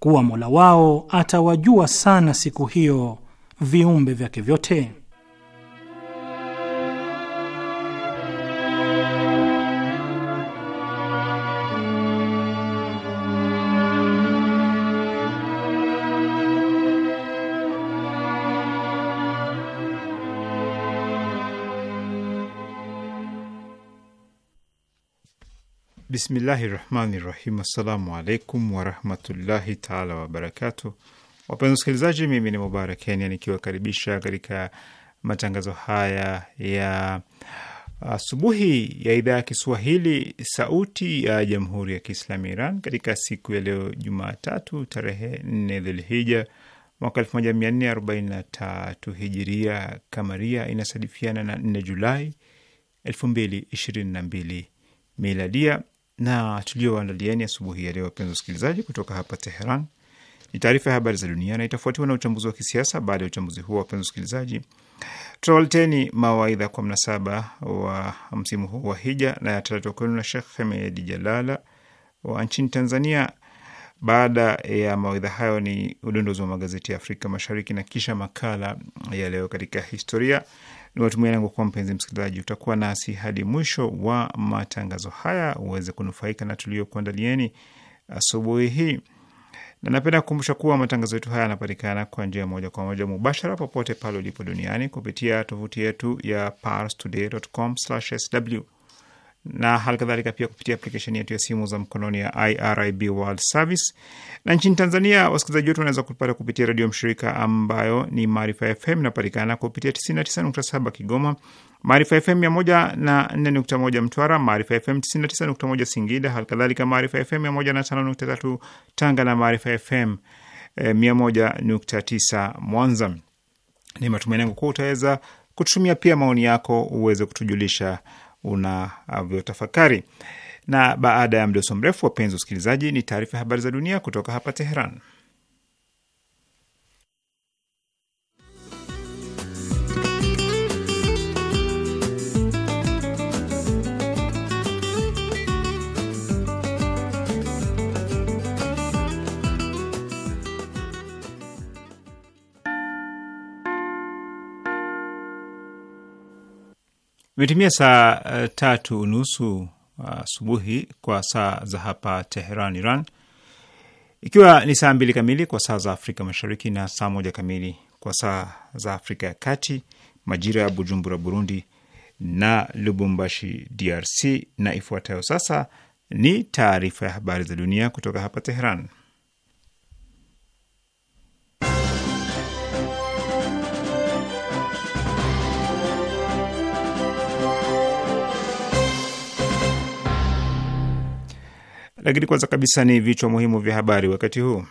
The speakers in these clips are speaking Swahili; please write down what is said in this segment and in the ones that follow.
kuwa Mola wao atawajua sana siku hiyo viumbe vyake vyote. Bismillahi rahmani rahim. Assalamu alaikum warahmatullahi taala wabarakatu. Wapenzi wasikilizaji, mimi ni Mubarak Kenya nikiwakaribisha katika matangazo haya ya asubuhi ya idhaa ya Kiswahili sauti ya jamhuri ya Kiislamu ya Iran katika siku ya leo Jumatatu tarehe nne Dhulhija mwaka mia4e tatu hijiria kamaria, inasadifiana na nne Julai mbili miladia na tulioandalieni asubuhi ya leo, wapenzi wasikilizaji, kutoka hapa Teheran ni taarifa ya habari za dunia na itafuatiwa na uchambuzi wa kisiasa. Baada ya uchambuzi huo, wapenzi wasikilizaji, tutawaleteni mawaidha kwa mnasaba wa msimu huu wa Hija na yataletwa kwenu na Shekh Hemedi Jalala wa nchini Tanzania. Baada ya mawaidha hayo ni udondozi wa magazeti ya Afrika Mashariki na kisha makala ya leo katika historia ni watumia lengo kuwa mpenzi msikilizaji, utakuwa nasi hadi mwisho wa matangazo haya uweze kunufaika na tuliokuandalieni asubuhi hii, na napenda kukumbusha kuwa matangazo yetu haya yanapatikana kwa njia moja kwa moja mubashara popote pale ulipo duniani kupitia tovuti yetu ya parstoday.com/sw na hali kadhalika pia kupitia aplikesheni yetu ya simu za mkononi ya IRIB World Service. Na nchini Tanzania, wasikilizaji wetu wanaweza kupata kupitia redio mshirika ambayo ni Maarifa FM, inapatikana kupitia 99.7 Kigoma, Maarifa FM 104.1 Mtwara, Maarifa FM 99.1 Singida, hali kadhalika Maarifa FM 105.3 Tanga na Maarifa FM 101.9 eh, Mwanza. Ni matumaini yangu kuwa utaweza kututumia pia maoni yako uweze kutujulisha unavyotafakari. Na baada ya mdoso mrefu, wapenzi wa usikilizaji, ni taarifa ya habari za dunia kutoka hapa Teheran. Imetimia saa uh, tatu unusu ah, asubuhi uh, kwa saa za hapa Teheran, Iran, ikiwa ni saa mbili kamili kwa saa za Afrika Mashariki na saa moja kamili kwa saa za Afrika ya Kati, majira ya Bujumbura, Burundi na Lubumbashi, DRC. Na ifuatayo sasa ni taarifa ya habari za dunia kutoka hapa Teheran. Lakini kwanza kabisa ni vichwa muhimu vya habari wakati huu.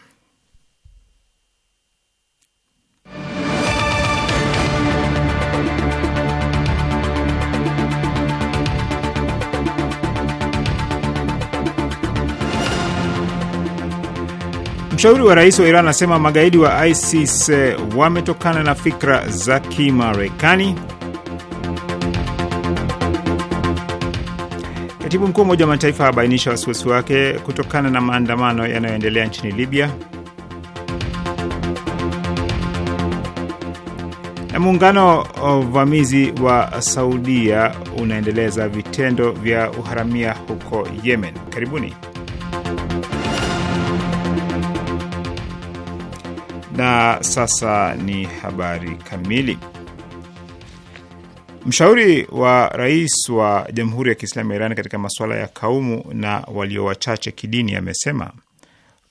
Mshauri wa rais wa Iran anasema magaidi wa ISIS eh, wametokana na fikra za Kimarekani. Katibu mkuu wa Umoja wa Mataifa abainisha wasiwasi wake kutokana na maandamano yanayoendelea nchini Libya. Na muungano uvamizi wa Saudia unaendeleza vitendo vya uharamia huko Yemen. Karibuni. Na sasa ni habari kamili. Mshauri wa rais wa Jamhuri ya Kiislamu ya Iran katika masuala ya kaumu na walio wachache kidini amesema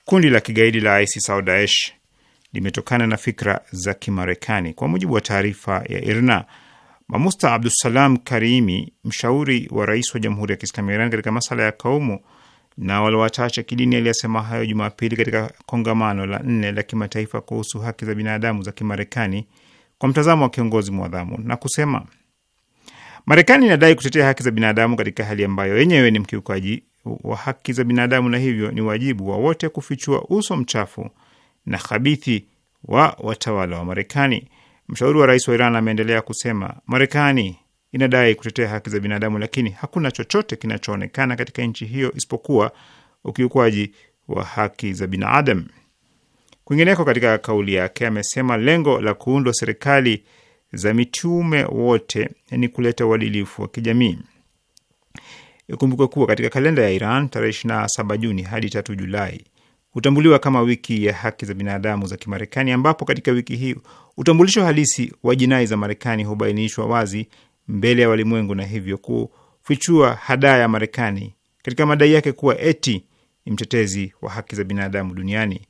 kundi la kigaidi la ISIS au Daesh limetokana na fikra za Kimarekani. Kwa mujibu wa taarifa ya IRNA, Mamusta Abdusalam Karimi, mshauri wa rais wa Jamhuri ya Kiislamu ya Iran katika masuala ya kaumu na walio wachache kidini, aliyesema hayo Jumapili katika kongamano la nne la kimataifa kuhusu haki za binadamu za Kimarekani kwa mtazamo wa kiongozi mwadhamu na kusema Marekani inadai kutetea haki za binadamu katika hali ambayo yenyewe ni mkiukaji wa haki za binadamu, na hivyo ni wajibu wa wote kufichua uso mchafu na khabithi wa watawala wa Marekani. Mshauri wa rais wa Iran ameendelea kusema, Marekani inadai kutetea haki za binadamu, lakini hakuna chochote kinachoonekana katika nchi hiyo isipokuwa ukiukwaji wa haki za binadamu. Kwingineko katika kauli yake amesema lengo la kuundwa serikali za mitume wote ni kuleta uadilifu wa kijamii. Ikumbukwe kuwa katika kalenda ya Iran tarehe 27 Juni hadi 3 Julai hutambuliwa kama wiki ya haki za binadamu za Kimarekani, ambapo katika wiki hii utambulisho halisi wa jinai za Marekani hubainishwa wazi mbele ya walimwengu na hivyo kufichua hadaa ya Marekani katika madai yake kuwa eti ni mtetezi wa haki za binadamu duniani.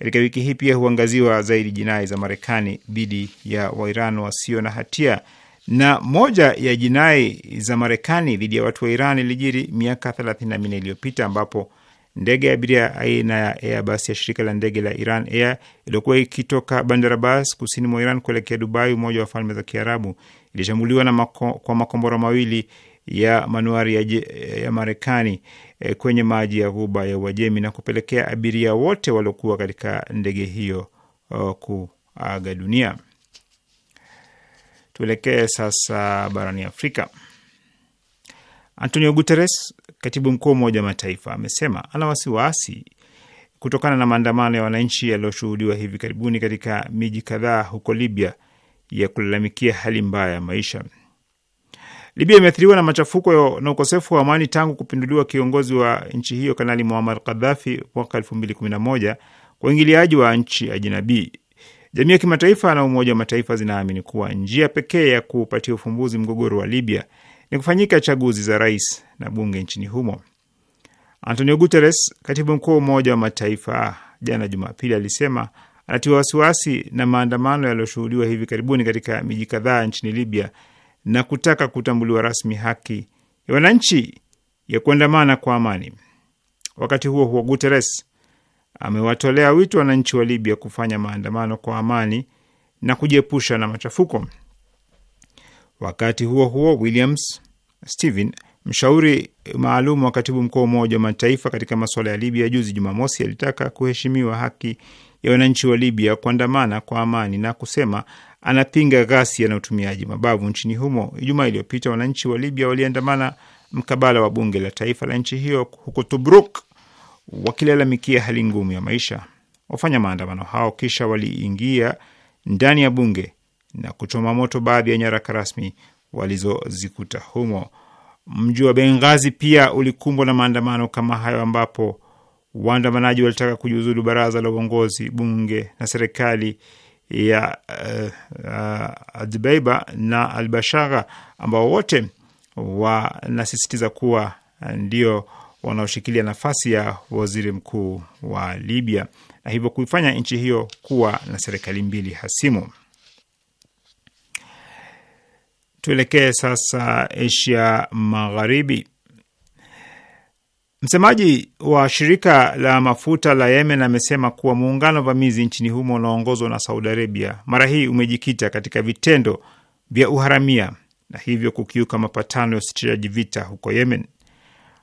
Katika wiki hii pia huangaziwa zaidi jinai za Marekani dhidi ya Wairan wasio na hatia, na moja ya jinai za Marekani dhidi ya watu wa Iran ilijiri miaka 34 iliyopita ambapo ndege ya abiria aina ya Airbus ya shirika la ndege la Iran Air iliyokuwa ikitoka Bandar Abbas kusini mwa Iran kuelekea Dubai, Umoja wa Falme za Kiarabu, ilishambuliwa mako, kwa makombora mawili ya manuari ya, ya Marekani eh, kwenye maji ya ghuba ya Uajemi na kupelekea abiria wote waliokuwa katika ndege hiyo kuaga dunia. Tuelekee sasa barani Afrika. Antonio Guterres, katibu mkuu wa Umoja wa Mataifa, amesema ana wasiwasi kutokana na maandamano ya wananchi yaliyoshuhudiwa hivi karibuni katika miji kadhaa huko Libya ya kulalamikia hali mbaya ya maisha. Libya imeathiriwa na machafuko na ukosefu wa amani tangu kupinduliwa kiongozi wa nchi hiyo Kanali Muammar Gaddafi mwaka 2011 kwa uingiliaji wa nchi ajinabii. Jamii ya kimataifa na Umoja wa Mataifa zinaamini kuwa njia pekee ya kupatia ufumbuzi mgogoro wa Libya ni kufanyika chaguzi za rais na bunge nchini humo. Antonio Guterres, katibu mkuu wa Umoja wa Mataifa, jana Jumapili alisema anatiwa wasiwasi na maandamano yaliyoshuhudiwa hivi karibuni katika miji kadhaa nchini Libya na kutaka kutambuliwa rasmi haki ya wananchi ya kuandamana kwa amani. Wakati huo huo, Guterres amewatolea wito wananchi wa Libya kufanya maandamano kwa amani na kujiepusha na machafuko. Wakati huo huo, Williams Stephen, mshauri maalum wa katibu mkuu wa Umoja wa Mataifa katika masuala ya Libya, juzi Jumamosi, alitaka kuheshimiwa haki ya wananchi wa Libya kuandamana kwa amani na kusema anapinga ghasia na utumiaji mabavu nchini humo. Ijumaa iliyopita wananchi wa Libya waliandamana mkabala wa bunge la taifa la nchi hiyo huko Tobruk wakilalamikia hali ngumu ya maisha. Wafanya maandamano hao kisha waliingia ndani ya bunge na kuchoma moto baadhi ya nyaraka rasmi walizozikuta humo. Mji wa Benghazi pia ulikumbwa na maandamano kama hayo, ambapo waandamanaji walitaka kujiuzulu baraza la uongozi, bunge na serikali ya uh, eh, eh, Adbeiba na Albashagha ambao wote wanasisitiza kuwa ndio wanaoshikilia nafasi ya waziri mkuu wa Libya na hivyo kuifanya nchi hiyo kuwa na serikali mbili hasimu. Tuelekee sasa Asia Magharibi. Msemaji wa shirika la mafuta la Yemen amesema kuwa muungano vamizi nchini humo unaoongozwa na Saudi Arabia mara hii umejikita katika vitendo vya uharamia na hivyo kukiuka mapatano ya usitiraji vita huko Yemen.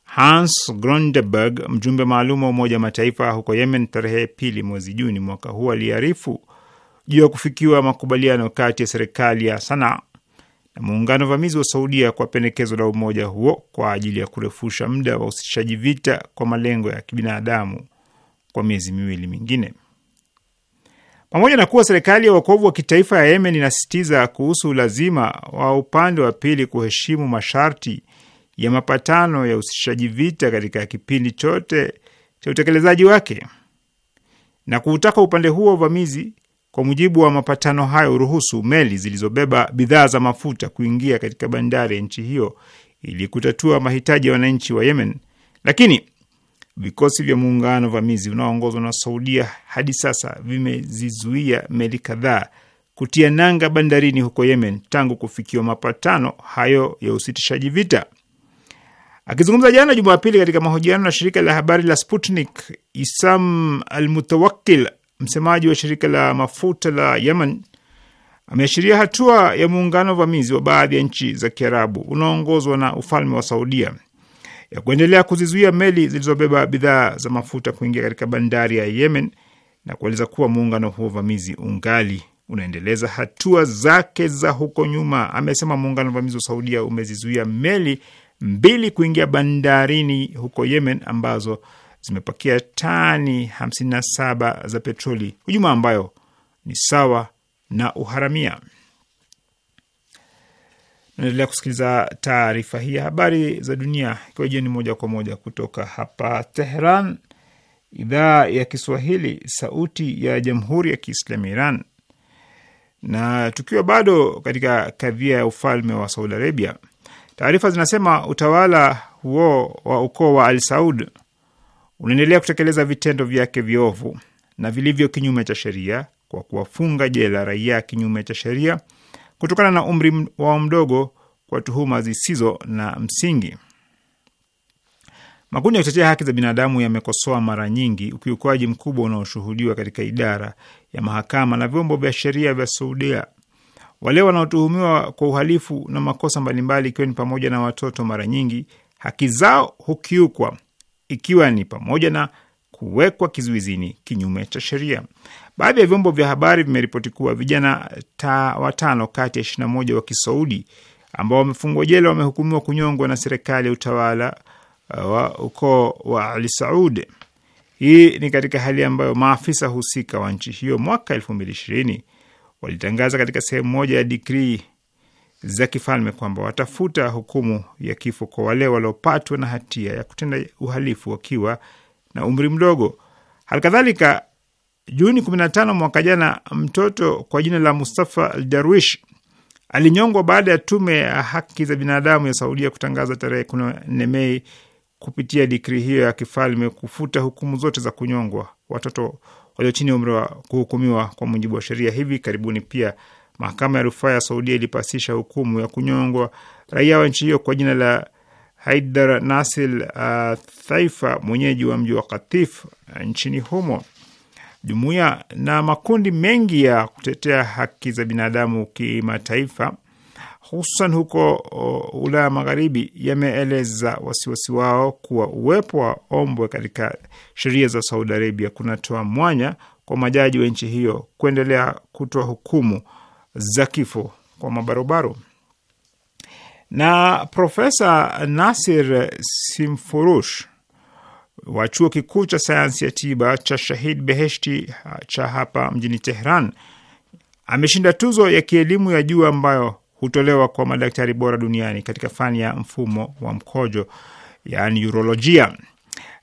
Hans Grundberg, mjumbe maalum wa Umoja wa Mataifa huko Yemen, tarehe pili mwezi Juni mwaka huu aliarifu juu ya kufikiwa makubaliano kati ya serikali ya Sanaa muungano vamizi wa Saudia kwa pendekezo la umoja huo kwa ajili ya kurefusha muda wa usitishaji vita kwa malengo ya kibinadamu kwa miezi miwili mingine. Pamoja na kuwa serikali ya wokovu wa kitaifa ya Yemen inasisitiza kuhusu ulazima wa upande wa pili kuheshimu masharti ya mapatano ya usitishaji vita katika kipindi chote cha utekelezaji wake na kuutaka upande huo wa uvamizi kwa mujibu wa mapatano hayo, huruhusu meli zilizobeba bidhaa za mafuta kuingia katika bandari ya nchi hiyo ili kutatua mahitaji ya wananchi wa Yemen, lakini vikosi vya muungano vamizi unaoongozwa na Saudia hadi sasa vimezizuia meli kadhaa kutia nanga bandarini huko Yemen tangu kufikiwa mapatano hayo ya usitishaji vita. Akizungumza jana Jumapili katika mahojiano na shirika la habari la Sputnik, Isam almutawakil msemaji wa shirika la mafuta la Yemen ameashiria hatua ya muungano vamizi wa baadhi ya nchi za Kiarabu unaoongozwa na ufalme wa Saudia ya kuendelea kuzizuia meli zilizobeba bidhaa za mafuta kuingia katika bandari ya Yemen na kueleza kuwa muungano huo vamizi ungali unaendeleza hatua zake za huko nyuma. Amesema muungano vamizi wa Saudia umezizuia meli mbili kuingia bandarini huko Yemen ambazo zimepakia tani 57 za petroli, hujuma ambayo ni sawa na uharamia. Naendelea kusikiliza taarifa hii ya habari za dunia, ikiwa jioni moja kwa moja kutoka hapa Teheran, idhaa ya Kiswahili, sauti ya jamhuri ya kiislami Iran. Na tukiwa bado katika kadhia ya ufalme wa Saudi Arabia, taarifa zinasema utawala huo wa ukoo wa Al Saud unaendelea kutekeleza vitendo vyake viovu na vilivyo kinyume cha sheria kwa kuwafunga jela raia kinyume cha sheria kutokana na umri wao mdogo kwa tuhuma zisizo na msingi. Makundi ya kutetea haki za binadamu yamekosoa mara nyingi ukiukaji mkubwa unaoshuhudiwa katika idara ya mahakama na vyombo vya sheria vya Saudia. Wale wanaotuhumiwa kwa uhalifu na makosa mbalimbali, ikiwa ni pamoja na watoto, mara nyingi haki zao hukiukwa ikiwa ni pamoja na kuwekwa kizuizini kinyume cha sheria. Baadhi ya vyombo vya habari vimeripoti kuwa vijana watano kati ya 21 wa Kisaudi ambao wamefungwa jela wamehukumiwa kunyongwa na serikali ya utawala uh, wa ukoo wa Ali Saud. Hii ni katika hali ambayo maafisa husika wa nchi hiyo mwaka ishirini walitangaza katika sehemu moja ya dikrii za kifalme kwamba watafuta hukumu ya kifo kwa wale waliopatwa na hatia ya kutenda uhalifu wakiwa na umri mdogo. Halikadhalika, Juni 15 mwaka jana, mtoto kwa jina la Mustafa darwish alinyongwa baada ya tume ya haki za binadamu ya Saudia kutangaza tarehe 14 Mei kupitia dikri hiyo ya kifalme kufuta hukumu zote za kunyongwa watoto walio chini ya umri wa kuhukumiwa kwa mujibu wa sheria. Hivi karibuni pia mahakama ya rufaa ya Saudia ilipasisha hukumu ya kunyongwa raia wa nchi hiyo kwa jina la Haidar Nasil uh, Thaifa, mwenyeji wa mji wa Katif uh, nchini humo. Jumuiya na makundi mengi ya kutetea haki za binadamu kimataifa, hususan huko uh, Ulaya Magharibi, yameeleza wasiwasi wao kuwa uwepo wa ombwe katika sheria za Saudi Arabia kunatoa mwanya kwa majaji wa nchi hiyo kuendelea kutoa hukumu za kifo kwa mabarobaro. Na Profesa Nasir Simfurush wa chuo kikuu cha sayansi ya tiba cha Shahid Beheshti cha hapa mjini Tehran ameshinda tuzo ya kielimu ya juu ambayo hutolewa kwa madaktari bora duniani katika fani ya mfumo wa mkojo, yaani urolojia.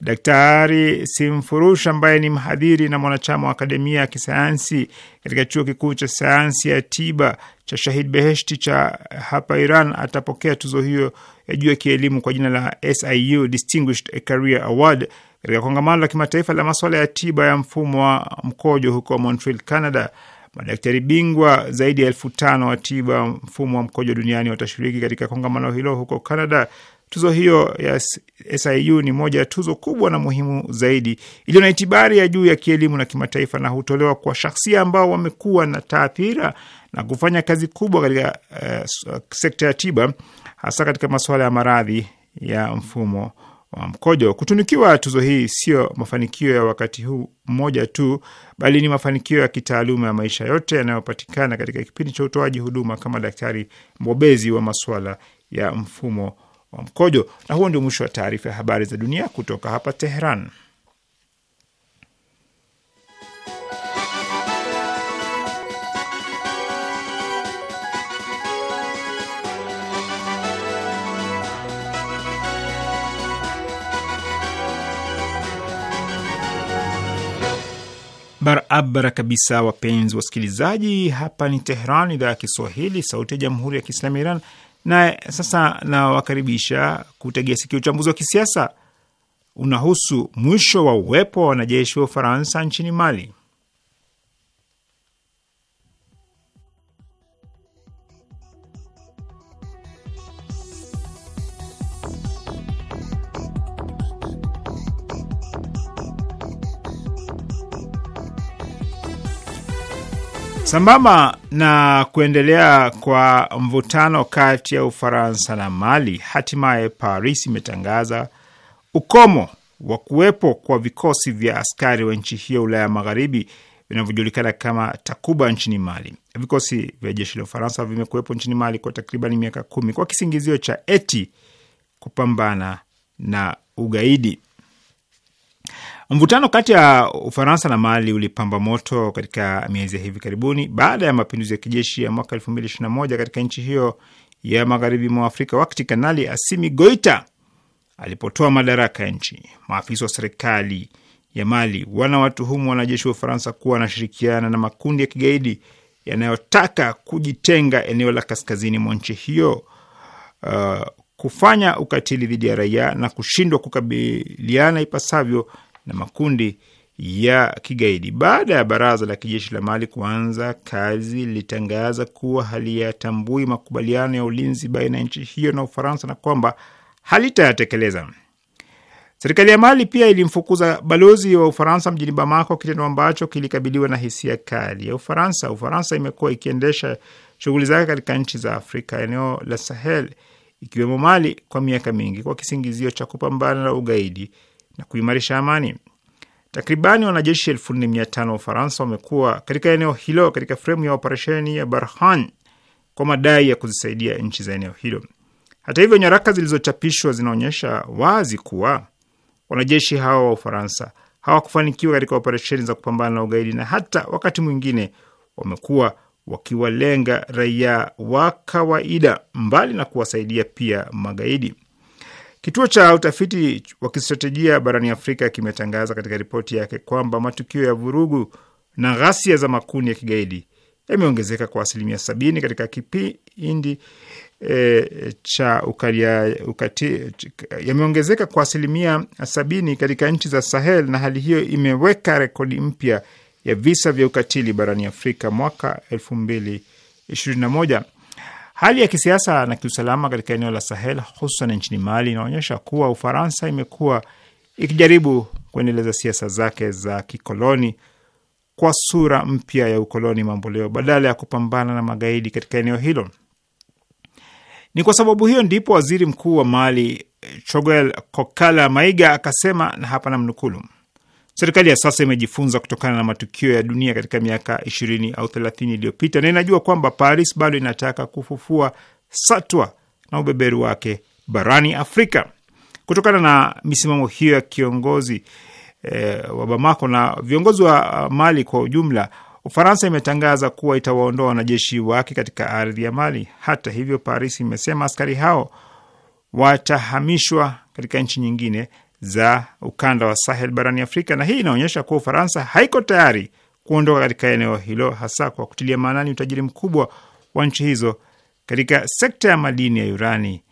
Daktari Simfurush ambaye ni mhadhiri na mwanachama wa akademia ya kisayansi katika chuo kikuu cha sayansi ya tiba cha Shahid Beheshti cha hapa Iran atapokea tuzo hiyo ya juu ya kielimu kwa jina la SIU Distinguished Career Award katika kongamano la kimataifa la masuala ya tiba ya mfumo wa mkojo huko Montreal, Canada. Madaktari bingwa zaidi ya elfu tano wa tiba mfumo wa mkojo duniani watashiriki katika kongamano hilo huko Canada Tuzo hiyo ya SIU ni moja ya tuzo kubwa na muhimu zaidi iliyo na itibari ya juu ya kielimu na kimataifa na hutolewa kwa shahsia ambao wamekuwa na taathira na kufanya kazi kubwa katika uh, sekta ya tiba hasa katika masuala ya maradhi ya mfumo wa mkojo. Kutunikiwa tuzo hii sio mafanikio ya wakati huu mmoja tu, bali ni mafanikio ya kitaaluma ya maisha yote yanayopatikana katika kipindi cha utoaji huduma kama daktari mbobezi wa masuala ya mfumo wa mkojo. Na huo ndio mwisho wa taarifa ya habari za dunia kutoka hapa Teheran. Barabara kabisa, wapenzi wasikilizaji, hapa ni Tehran, idhaa ya Kiswahili, sauti ya jamhuri ya kiislamu ya Iran. Na sasa nawakaribisha kutegea sikio. Uchambuzi wa kisiasa unahusu mwisho wa uwepo wa wanajeshi wa Ufaransa nchini Mali. Sambamba na kuendelea kwa mvutano kati ya Ufaransa na Mali, hatimaye Paris imetangaza ukomo wa kuwepo kwa vikosi vya askari wa nchi hiyo Ulaya Magharibi vinavyojulikana kama Takuba nchini Mali. Vikosi vya jeshi la Ufaransa vimekuwepo nchini Mali kwa takriban miaka kumi kwa kisingizio cha eti kupambana na ugaidi. Mvutano kati ya Ufaransa na Mali ulipamba moto katika miezi ya hivi karibuni baada ya mapinduzi ya kijeshi ya mwaka 2021 katika nchi hiyo ya magharibi mwa Afrika, wakati Kanali Asimi Goita alipotoa madaraka ya nchi. Maafisa wa serikali ya Mali wanawatuhumu wanajeshi wa Ufaransa kuwa wanashirikiana na makundi ya kigaidi yanayotaka kujitenga eneo la kaskazini mwa nchi hiyo, uh, kufanya ukatili dhidi ya raia na kushindwa kukabiliana ipasavyo na makundi ya kigaidi. Baada ya baraza la kijeshi la Mali kuanza kazi, lilitangaza kuwa haliyatambui makubaliano ya ulinzi baina ya nchi hiyo na Ufaransa na kwamba halitayatekeleza. Serikali ya Mali pia ilimfukuza balozi wa Ufaransa mjini Bamako, kitendo ambacho kilikabiliwa na hisia kali ya Ufaransa. Ufaransa imekuwa ikiendesha shughuli zake katika nchi za Afrika eneo la Sahel ikiwemo Mali kwa miaka mingi kwa kisingizio cha kupambana na ugaidi na kuimarisha amani. Takribani wanajeshi elfu nne mia tano wa Ufaransa wamekuwa katika eneo hilo katika fremu ya operesheni ya Barhan kwa madai ya kuzisaidia nchi za eneo hilo. Hata hivyo, nyaraka zilizochapishwa zinaonyesha wazi kuwa wanajeshi hawa wa Ufaransa hawakufanikiwa katika operesheni za kupambana na ugaidi na hata wakati mwingine wamekuwa wakiwalenga raia wa kawaida, mbali na kuwasaidia pia magaidi. Kituo cha utafiti wa kistratejia barani Afrika kimetangaza katika ripoti yake kwamba matukio ya vurugu na ghasia za makundi ya kigaidi yameongezeka kwa asilimia sabini katika kipindi e, cha ukalia, ukati, yameongezeka kwa asilimia sabini katika nchi za Sahel na hali hiyo imeweka rekodi mpya ya visa vya ukatili barani Afrika mwaka elfu mbili ishirini na moja. Hali ya kisiasa na kiusalama katika eneo la Sahel hususan nchini Mali inaonyesha kuwa Ufaransa imekuwa ikijaribu kuendeleza siasa zake za kikoloni kwa sura mpya ya ukoloni mamboleo badala ya kupambana na magaidi katika eneo hilo. Ni kwa sababu hiyo ndipo waziri mkuu wa Mali Choguel Kokala Maiga akasema, na hapa namnukulu Serikali ya sasa imejifunza kutokana na matukio ya dunia katika miaka ishirini au thelathini iliyopita na inajua kwamba Paris bado inataka kufufua satwa na ubeberu wake barani Afrika. Kutokana na misimamo hiyo ya kiongozi eh, wa Bamako na viongozi wa uh, Mali kwa ujumla, Ufaransa imetangaza kuwa itawaondoa wanajeshi wake katika ardhi ya Mali. Hata hivyo, Paris imesema askari hao watahamishwa katika nchi nyingine za ukanda wa Sahel barani Afrika, na hii inaonyesha kuwa Ufaransa haiko tayari kuondoka katika eneo hilo, hasa kwa kutilia maanani utajiri mkubwa wa nchi hizo katika sekta ya madini ya urani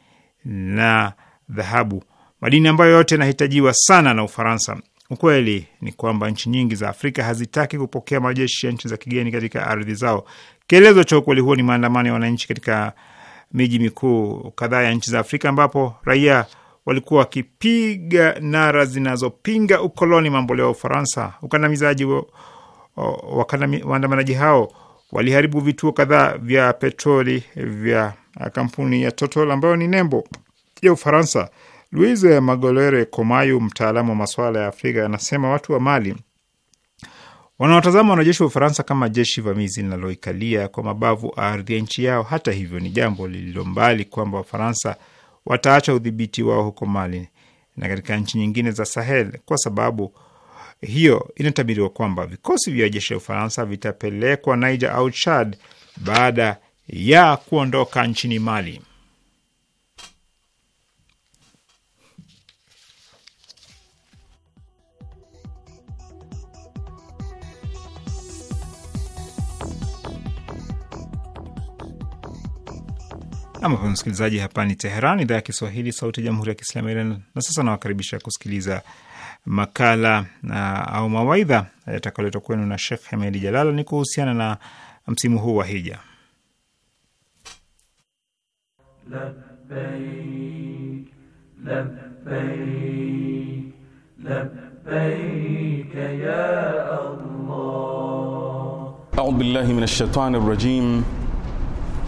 na dhahabu, madini ambayo yote yanahitajiwa sana na Ufaransa. Ukweli ni kwamba nchi nyingi za Afrika hazitaki kupokea majeshi ya nchi za kigeni katika ardhi zao. Kielezo cha ukweli huo ni maandamano ya wananchi katika miji mikuu kadhaa ya nchi za Afrika ambapo raia walikuwa wakipiga nara zinazopinga ukoloni mamboleo wa Ufaransa. Ukandamizaji waandamanaji hao waliharibu vituo kadhaa vya petroli vya kampuni ya Total ambayo ni nembo ya Ufaransa. luise Magolere Komayu, mtaalamu wa masuala ya Afrika, anasema watu wa Mali wanawatazama wanajeshi wa Ufaransa kama jeshi vamizi linaloikalia kwa mabavu ardhi ya nchi yao. Hata hivyo, ni jambo lililo mbali kwamba Wafaransa wataacha udhibiti wao huko Mali na katika nchi nyingine za Sahel. Kwa sababu hiyo, inatabiriwa kwamba vikosi vya jeshi la Ufaransa vitapelekwa Niger au Chad baada ya kuondoka nchini Mali. Namapa msikilizaji, hapa ni Teheran, idhaa ya Kiswahili, sauti ya jamhuri ya kiislamu ya Iran. Na sasa nawakaribisha kusikiliza makala na, au mawaidha yatakayoletwa kwenu na Shekh Hemedi Jalala ni kuhusiana na msimu huu wa hija. Labbaik, labbaik, labbaik ya Allah.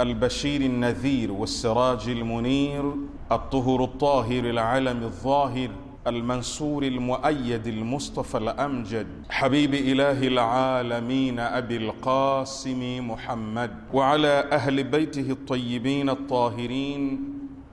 البشير النذير والسراج المنير الطهر الطاهر العلم الظاهر المنصور المؤيد المصطفى الامجد حبيب اله العالمين ابي القاسم محمد وعلى اهل بيته الطيبين الطاهرين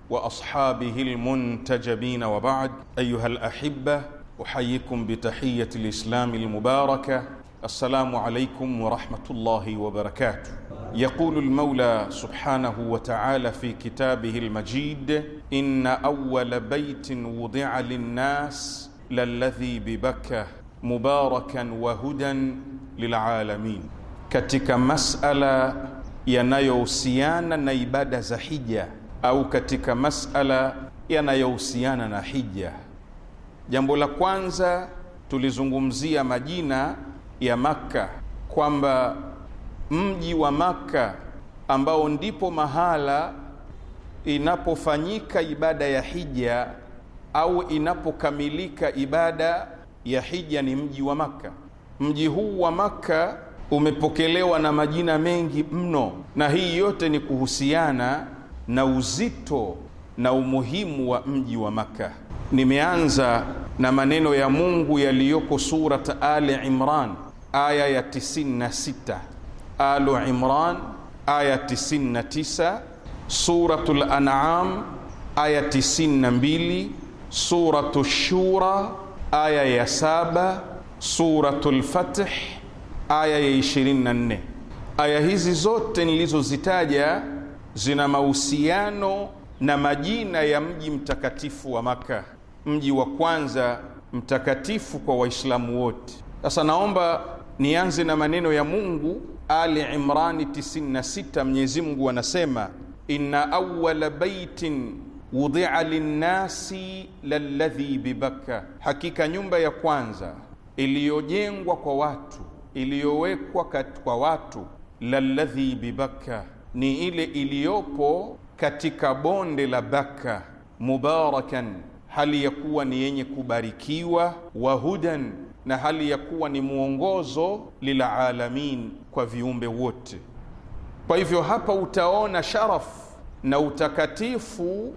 واصحابه المنتجبين وبعد ايها الاحبه احييكم بتحيه الاسلام المباركه السلام عليكم ورحمه الله وبركاته يقول المولى سبحانه وتعالى في كتابه المجيد إن أول بيت وضع للناس للذي ببكة mubarakan wa hudan lilalamin. Katika masala yanayohusiana na ibada za hija au katika masala yanayohusiana na hija, jambo la kwanza tulizungumzia majina ya Makka kwamba mji wa Makka ambao ndipo mahala inapofanyika ibada ya hija au inapokamilika ibada ya hija ni mji wa Makka. Mji huu wa Makka umepokelewa na majina mengi mno, na hii yote ni kuhusiana na uzito na umuhimu wa mji wa Makka. Nimeanza na maneno ya Mungu yaliyoko Surat Ali Imran aya ya 96 Alu Imran aya 99, Suratul An'am aya 92, Suratul Shura aya ya saba, Suratul Fath aya ya 24. Aya hizi zote nilizozitaja zina mahusiano na majina ya mji mtakatifu wa Maka, mji wa kwanza mtakatifu kwa Waislamu wote. Sasa naomba nianze na maneno ya Mungu ali Imrani 96 Mwenyezi Mungu anasema inna awwala baitin wudia linnasi lalladhi bibakka, hakika nyumba ya kwanza iliyojengwa kwa watu iliyowekwa kwa watu lalladhi bibakka, ni ile iliyopo katika bonde la Bakka, mubarakan, hali ya kuwa ni yenye kubarikiwa, wa hudan na hali ya kuwa ni mwongozo lilalamin, kwa viumbe wote. Kwa hivyo, hapa utaona sharaf na utakatifu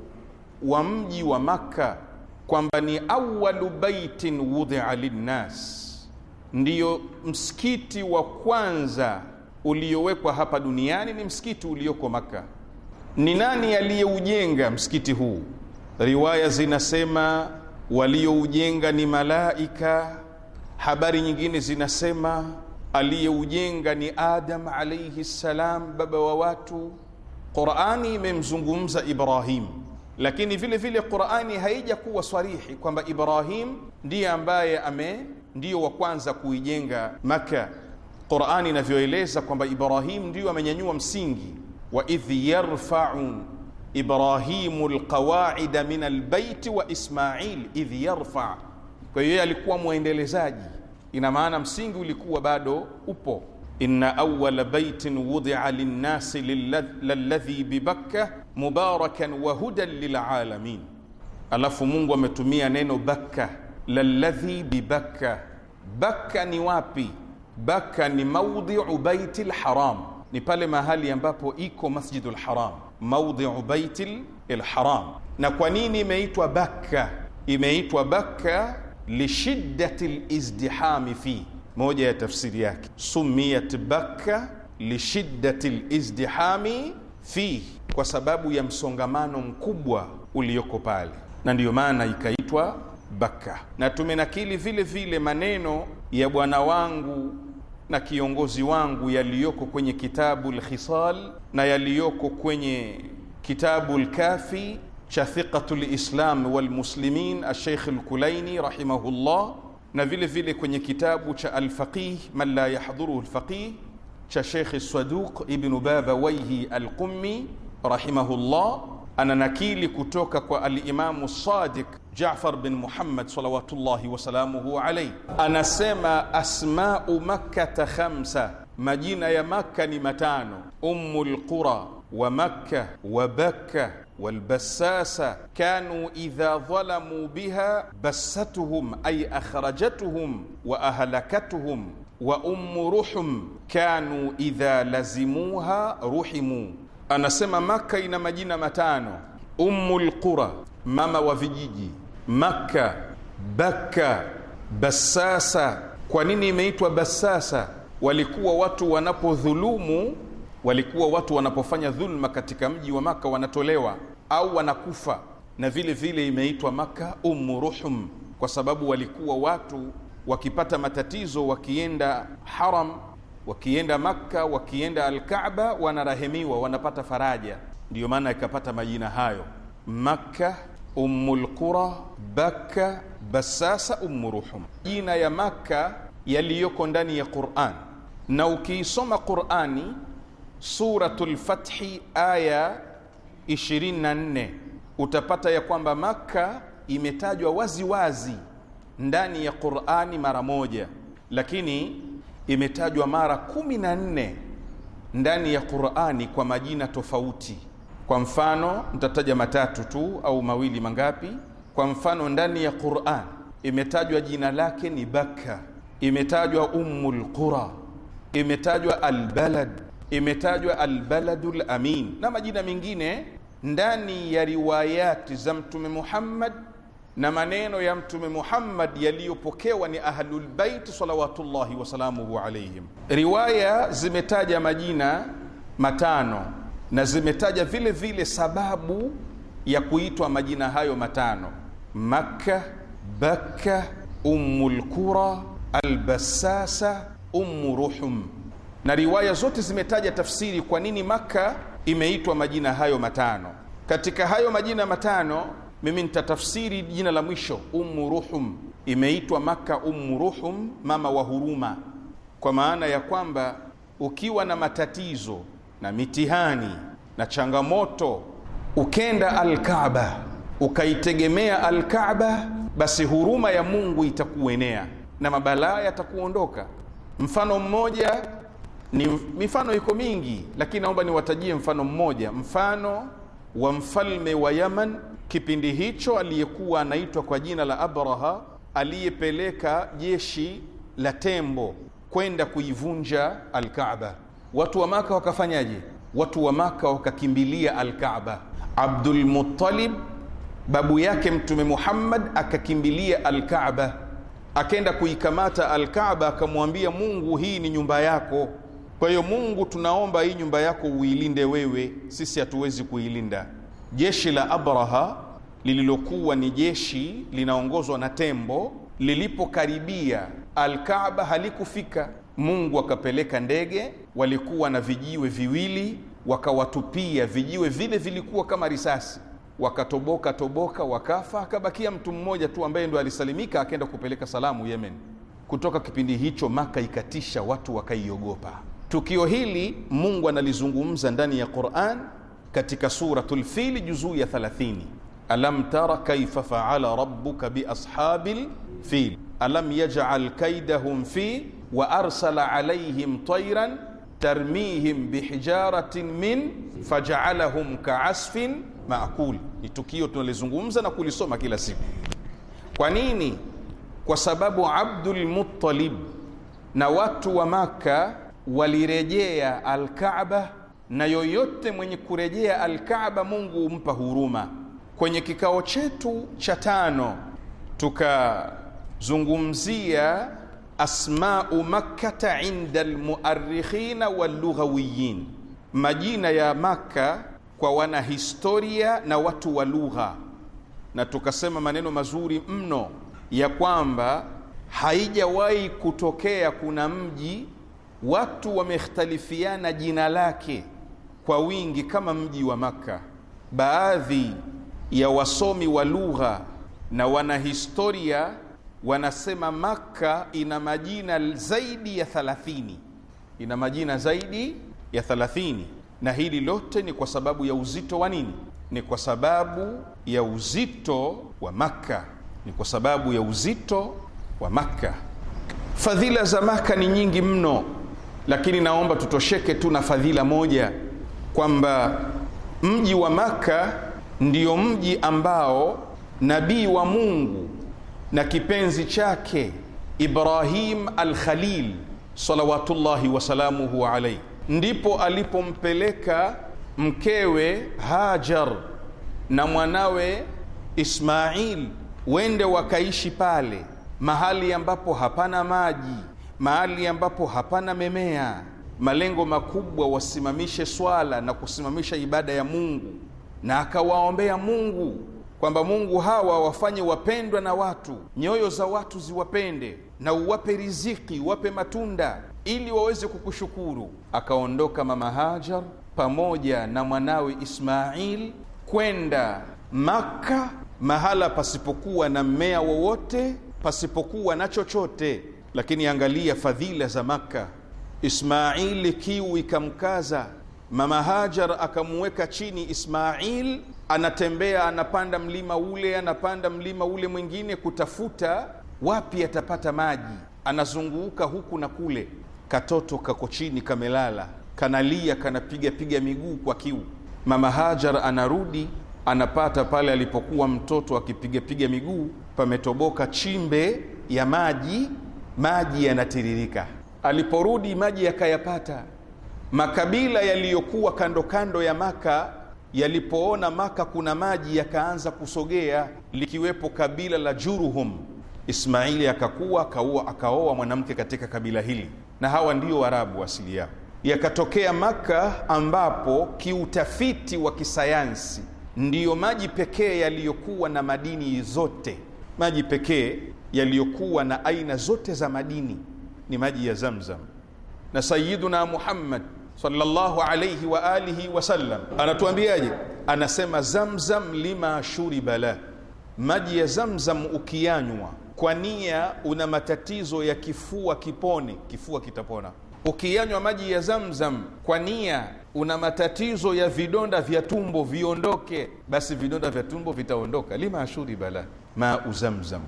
wa mji wa Makka kwamba ni awalu baitin wudhia linnas, ndiyo msikiti wa kwanza uliowekwa hapa duniani ni msikiti ulioko Makka. Ni nani aliyeujenga msikiti huu? Riwaya zinasema walioujenga ni malaika Habari nyingine zinasema aliyeujenga ni Adam alayhi salam, baba wa watu. Qurani imemzungumza Ibrahim, lakini vile vile Qurani kuwa swarihi kwamba Ibrahim ndiye ambaye ame ndiyo wa kwanza kuijenga Maka. Qurani inavyoeleza kwamba Ibrahim ndiyo amenyanyua msingi wa idh yarfau Ibrahimu lqawaida min albaiti wa Ismail idh yarfa kwa hiyo yeye alikuwa mwendelezaji ina maana msingi ulikuwa bado upo inna awala baitin wudia linnasi lalladhi bibakka mubarakan wa hudan lilalamin alafu mungu ametumia neno bakka lalladhi bibakka bakka ni wapi bakka ni maudhiu baiti lharam ni pale mahali ambapo iko masjidu lharam maudhiu baiti lharam na kwa nini imeitwa bakka imeitwa bakka lishiddati lizdihami fi, moja ya tafsiri yake sumiyat Bakka lishiddati lizdihami fi, kwa sababu ya msongamano mkubwa ulioko pale, na ndiyo maana ikaitwa Bakka. Na tumenakili vile vile maneno ya bwana wangu na kiongozi wangu yaliyoko kwenye kitabu Lkhisal na yaliyoko kwenye kitabu Lkafi cha Thiqatu lislam walmuslimin Alsheikh Alkulaini rahimahullah, na vile vile kwenye kitabu cha Alfaqih man la yahdhuruhu lfaqih cha Sheikh Saduq Ibnu Babawaihi Alqummi rahimahullah, ana kutoka kwa Alimamu Sadiq Jafar bin Muhammad salawatullahi wasalamuhu alaihi, anasema asmau makkata khamsa, majina ya Makka ni matano: Ummu lqura wa Makka wa Bakka kanu idha كانوا biha ظلموا بها بستهم أي أخرجتهم وأهلكتهم وأم ruhum kanu idha lazimuha ruhimu anasema makka ina majina matano ummu lqura mama wa vijiji makka bakka bassasa kwa nini imeitwa bassasa walikuwa watu wanapodhulumu walikuwa watu wanapofanya dhulma katika mji wa Maka wanatolewa au wanakufa, na vile vile imeitwa Maka Ummu Ruhum kwa sababu walikuwa watu wakipata matatizo wakienda haram, wakienda Makka, wakienda Alkaaba wanarahemiwa, wanapata faraja. Ndiyo maana ikapata majina hayo Makka, Ummul Lqura, Bakka, Basasa, Ummu Ruhum, jina ya Makka yaliyoko ndani ya Quran. Na ukiisoma Qurani Suratul Fathi aya 24 utapata ya kwamba Makka imetajwa wazi wazi ndani ya Qur'ani mara moja, lakini imetajwa mara 14 ndani ya Qur'ani kwa majina tofauti. Kwa mfano, nitataja matatu tu au mawili, mangapi? Kwa mfano, ndani ya Qur'an imetajwa jina lake ni Bakka, imetajwa Ummul Qura, imetajwa Albalad imetajwa albaladu lamin na majina mengine ndani ya riwayati za Mtume Muhammad na maneno ya Mtume Muhammad yaliyopokewa ni Ahlulbaiti salawatullahi wasalamuhu alaihim. Riwaya zimetaja majina matano na zimetaja vile vile sababu ya kuitwa majina hayo matano: Makka, Bakka, ummulqura Qura, Albasasa, Ummu Ruhum na riwaya zote zimetaja tafsiri kwa nini Makka imeitwa majina hayo matano. Katika hayo majina matano, mimi nitatafsiri jina la mwisho Ummu Ruhum. Imeitwa Makka Ummu Ruhum, mama wa huruma, kwa maana ya kwamba ukiwa na matatizo na mitihani na changamoto, ukenda Alkaaba ukaitegemea Alkaaba, basi huruma ya Mungu itakuenea na mabalaa yatakuondoka. Mfano mmoja ni mifano iko mingi, lakini naomba niwatajie mfano mmoja, mfano wa mfalme wa Yaman kipindi hicho aliyekuwa anaitwa kwa jina la Abraha, aliyepeleka jeshi la tembo kwenda kuivunja Alkaaba. Watu wa Maka wakafanyaje? Watu wa Maka wakakimbilia Alkaaba. Abdul Muttalib babu yake Mtume Muhammad akakimbilia Alkaaba, akaenda kuikamata Alkaaba, akamwambia Mungu, hii ni nyumba yako kwa hiyo Mungu, tunaomba hii nyumba yako uilinde wewe, sisi hatuwezi kuilinda. Jeshi la Abraha lililokuwa ni jeshi linaongozwa na tembo, lilipokaribia Alkaaba halikufika. Mungu akapeleka ndege, walikuwa na vijiwe viwili, wakawatupia vijiwe vile, vilikuwa kama risasi, wakatoboka toboka, wakafa. Akabakia mtu mmoja tu ambaye ndo alisalimika, akaenda kupeleka salamu Yemen. Kutoka kipindi hicho Maka ikatisha, watu wakaiogopa. Tukio hili Mungu analizungumza ndani ya Qur'an katika Suratul Fil juzuu ya 30, alam tara kaifa faala rabbuka biashabil fil alam yaj'al kaidahum fi wa arsala alayhim tayran tarmihim bihijaratin min faj'alahum ka'asfin maakul. Ni tukio tunalizungumza na kulisoma kila siku. Kwa nini? Kwa sababu Abdul Muttalib na watu wa Maka walirejea Alkaaba, na yoyote mwenye kurejea Alkaaba Mungu humpa huruma. Kwenye kikao chetu cha tano tukazungumzia asmau makkata inda almuarikhina wallughawiyin, majina ya Makka kwa wanahistoria na watu wa lugha, na tukasema maneno mazuri mno ya kwamba haijawahi kutokea kuna mji watu wamekhtalifiana jina lake kwa wingi kama mji wa Makka. Baadhi ya wasomi wa lugha na wanahistoria wanasema Makka ina majina zaidi ya thalathini, ina majina zaidi ya thalathini na hili lote ni kwa sababu ya uzito wa nini? Ni kwa sababu ya uzito wa Makka, ni kwa sababu ya uzito wa Makka. Fadhila za Makka ni nyingi mno lakini naomba tutosheke tu na fadhila moja kwamba mji wa Maka ndiyo mji ambao nabii wa Mungu na kipenzi chake Ibrahim alkhalil salawatullahi wasalamuhu alaihi, ndipo alipompeleka mkewe Hajar na mwanawe Ismail wende wakaishi pale mahali ambapo hapana maji mahali ambapo hapana memea. Malengo makubwa wasimamishe swala na kusimamisha ibada ya Mungu, na akawaombea Mungu kwamba Mungu hawa wafanye wapendwa na watu, nyoyo za watu ziwapende, na uwape riziki, uwape matunda ili waweze kukushukuru. Akaondoka mama Hajar pamoja na mwanawe Ismail kwenda Makka, mahala pasipokuwa na mmea wowote, pasipokuwa na chochote lakini angalia fadhila za Makka. Ismaili kiu ikamkaza, mama Hajar akamweka chini. Ismail anatembea, anapanda mlima ule, anapanda mlima ule mwingine, kutafuta wapi atapata maji. Anazunguka huku na kule, katoto kako chini, kamelala, kanalia, kanapiga piga miguu kwa kiu. Mama Hajar anarudi anapata pale alipokuwa mtoto akipigapiga miguu, pametoboka chimbe ya maji maji yanatiririka. Aliporudi maji yakayapata. Makabila yaliyokuwa kando kando ya Maka yalipoona Maka kuna maji yakaanza kusogea, likiwepo kabila la Juruhum. Ismaili akakuwa akaua akaoa mwanamke katika kabila hili, na hawa ndio Waarabu asili yao. Yakatokea Maka ambapo kiutafiti wa kisayansi ndiyo maji pekee yaliyokuwa na madini zote, maji pekee yaliyokuwa na aina zote za madini ni maji ya Zamzam. Na Sayyiduna Muhammad sallallahu alayhi wa alihi sallam anatuambiaje? Anasema, zamzam lima shuriba la, maji ya Zamzam ukiyanywa kwa nia una matatizo ya kifua kipone, kifua kitapona. Ukiyanywa maji ya Zamzam kwa nia una matatizo ya vidonda vya tumbo viondoke, basi vidonda vya tumbo vitaondoka. lima shuriba la ma uzamzam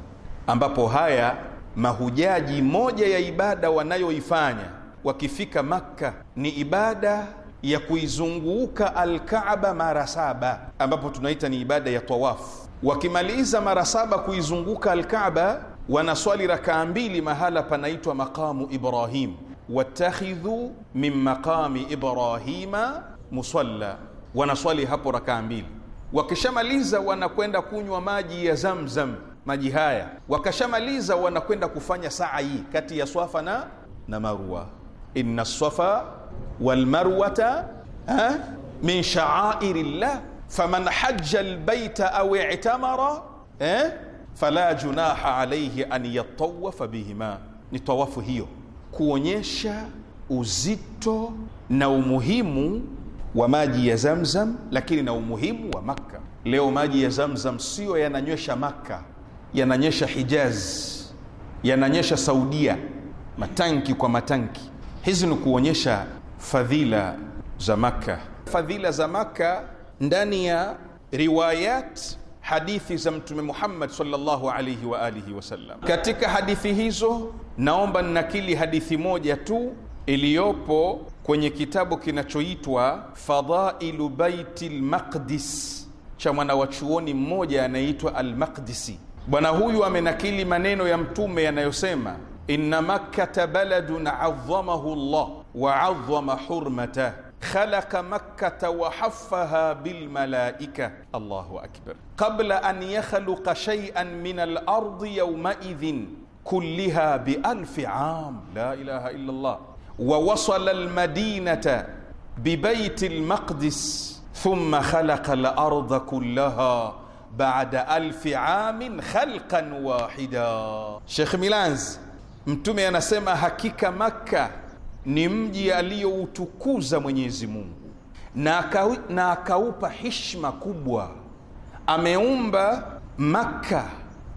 ambapo haya mahujaji, moja ya ibada wanayoifanya wakifika Makka ni ibada ya kuizunguka Alkaaba mara saba, ambapo tunaita ni ibada ya tawafu. Wakimaliza mara saba kuizunguka Alkaaba, wanaswali rakaa mbili mahala panaitwa maqamu Ibrahim, watakhidhu min maqami Ibrahima musalla, wanaswali hapo rakaa mbili. Wakishamaliza wanakwenda kunywa maji ya Zamzam maji haya. Wakashamaliza wanakwenda kufanya sai kati ya Swafa na, na Marwa. inna swafa walmarwata min shaairi llah faman haja lbaita au itamara eh? fala junaha alaihi an yatawafa bihima. Ni tawafu hiyo kuonyesha uzito na umuhimu wa maji ya Zamzam, lakini na umuhimu wa Makka. Leo maji ya Zamzam siyo yananywesha Makka, yananyesha Hijaz, yananyesha Saudia, matanki kwa matanki. Hizi ni kuonyesha fadhila za Maka, fadhila za Maka ndani ya riwayat hadithi za Mtume Muhammad sallallahu alaihi wa alihi wasallam. Katika hadithi hizo, naomba nnakili hadithi moja tu iliyopo kwenye kitabu kinachoitwa Fadailu Baiti Lmaqdis cha mwanawachuoni mmoja anayeitwa Almaqdisi. Bwana huyu amenakili maneno ya Mtume yanayosema inna makkata baladun azamahu llah wa azama hurmata khalaqa makkata wa haffaha bilmalaika. Allahu akbar. Qabla an yakhluqa shay'an min al-ardi yawmaidhin kulliha bialfi am. La ilaha illa Allah. Wa wasala al bibaiti al thumma khalaqa al-arda kullaha baada alfi amin khalqan wahida. Sheikh Milanzi, Mtume anasema hakika Makka ni mji aliyoutukuza Mwenyezi Mungu na akaupa hishma kubwa. Ameumba Makka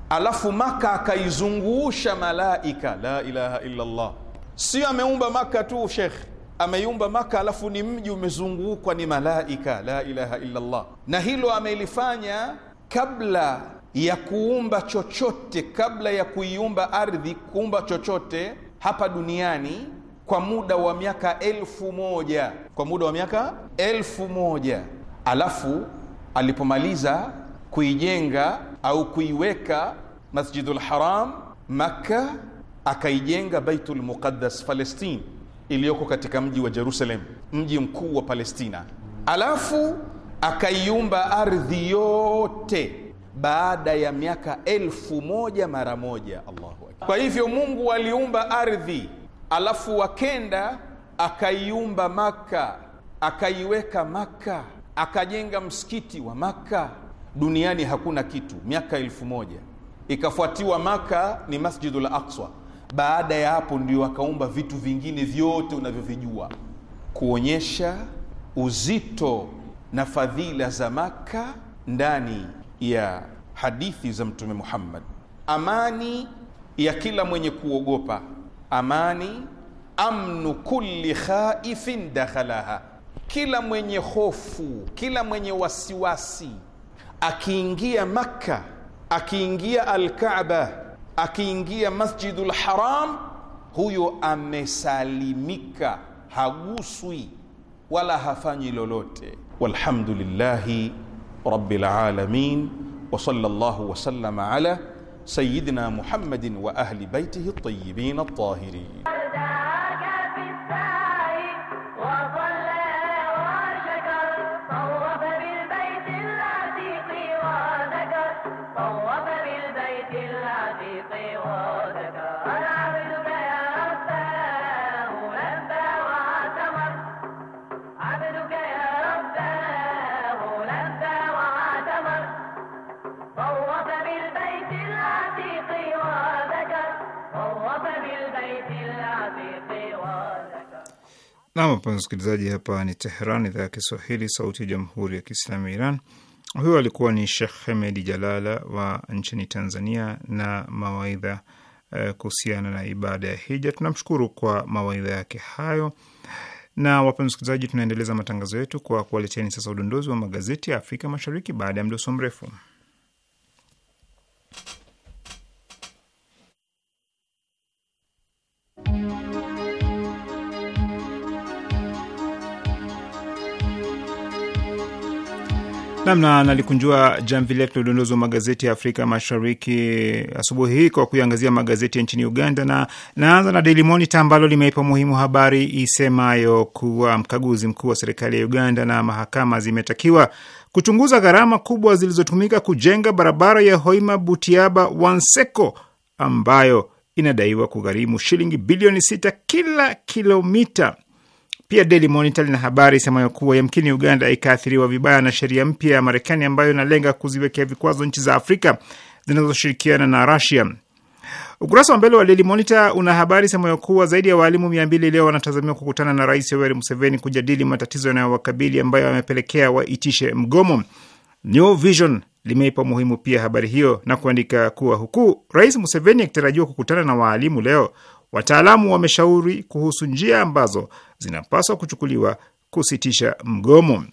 alafu Makka akaizunguusha malaika. La ilaha illa Sio ameumba Makka tu Sheikh, ameiumba Maka alafu ni mji umezungukwa ni malaika. La ilaha illa Na hilo amelifanya kabla ya kuumba chochote, kabla ya kuiumba ardhi, kuumba chochote hapa duniani kwa muda wa miaka elfu moja kwa muda wa miaka elfu moja alafu alipomaliza kuijenga au kuiweka Masjidul Haram Makka, akaijenga Baitul Muqaddas Palestine iliyoko katika mji wa Jerusalem, mji mkuu wa Palestina. Alafu akaiumba ardhi yote baada ya miaka elfu moja mara moja. Allahu akbar! Kwa hivyo Mungu aliumba ardhi, alafu wakenda akaiumba Maka, akaiweka Maka, akajenga msikiti wa Maka. Duniani hakuna kitu, miaka elfu moja ikafuatiwa Maka ni Masjidul Aqsa. Baada ya hapo ndio akaumba vitu vingine vyote unavyovijua, kuonyesha uzito na fadhila za Makka ndani ya hadithi za Mtume Muhammad, amani ya kila mwenye kuogopa, amani amnu kulli khaifin dakhalaha, kila mwenye hofu, kila mwenye wasiwasi akiingia Makka, akiingia Alkaaba, akiingia Masjidul Haram, huyo amesalimika, haguswi wala hafanyi lolote. والحمد لله رب العالمين وصلى الله وسلم على سيدنا محمد واهل بيته الطيبين الطاهرين Nam, wapenzi msikilizaji, hapa ni Teheran, idhaa ya Kiswahili, sauti ya jamhuri ya kiislamu ya Iran. Huyo alikuwa ni Shekh Hemedi Jalala wa nchini Tanzania na mawaidha eh, kuhusiana na ibada ya hija. Tunamshukuru kwa mawaidha yake hayo. Na wapenzi msikilizaji, tunaendeleza matangazo yetu kwa kuwaleteni sasa udondozi wa magazeti ya Afrika Mashariki baada ya mdoso mrefu. namna nalikunjua jamvi letu la udondozi wa magazeti ya Afrika Mashariki asubuhi hii kwa kuiangazia magazeti ya nchini Uganda, na naanza na Daily Monitor ambalo limeipa muhimu habari isemayo kuwa mkaguzi mkuu wa serikali ya Uganda na mahakama zimetakiwa kuchunguza gharama kubwa zilizotumika kujenga barabara ya Hoima Butiaba Wanseko ambayo inadaiwa kugharimu shilingi bilioni sita kila kilomita. Pia Daily Monitor lina habari isemayo kuwa yamkini Uganda ikaathiriwa vibaya na sheria mpya ya Marekani ambayo inalenga kuziwekea vikwazo nchi za Afrika zinazoshirikiana na rasia Ukurasa wa mbele wa Daily Monitor una habari semayo kuwa zaidi ya waalimu mia mbili leo wanatazamiwa kukutana na Rais Yoweri Museveni kujadili matatizo yanayowakabili ambayo yamepelekea waitishe mgomo. New Vision limeipa umuhimu pia habari hiyo na kuandika kuwa huku Rais Museveni akitarajiwa kukutana na waalimu leo, wataalamu wameshauri kuhusu njia ambazo zinapaswa kuchukuliwa kusitisha mgomo.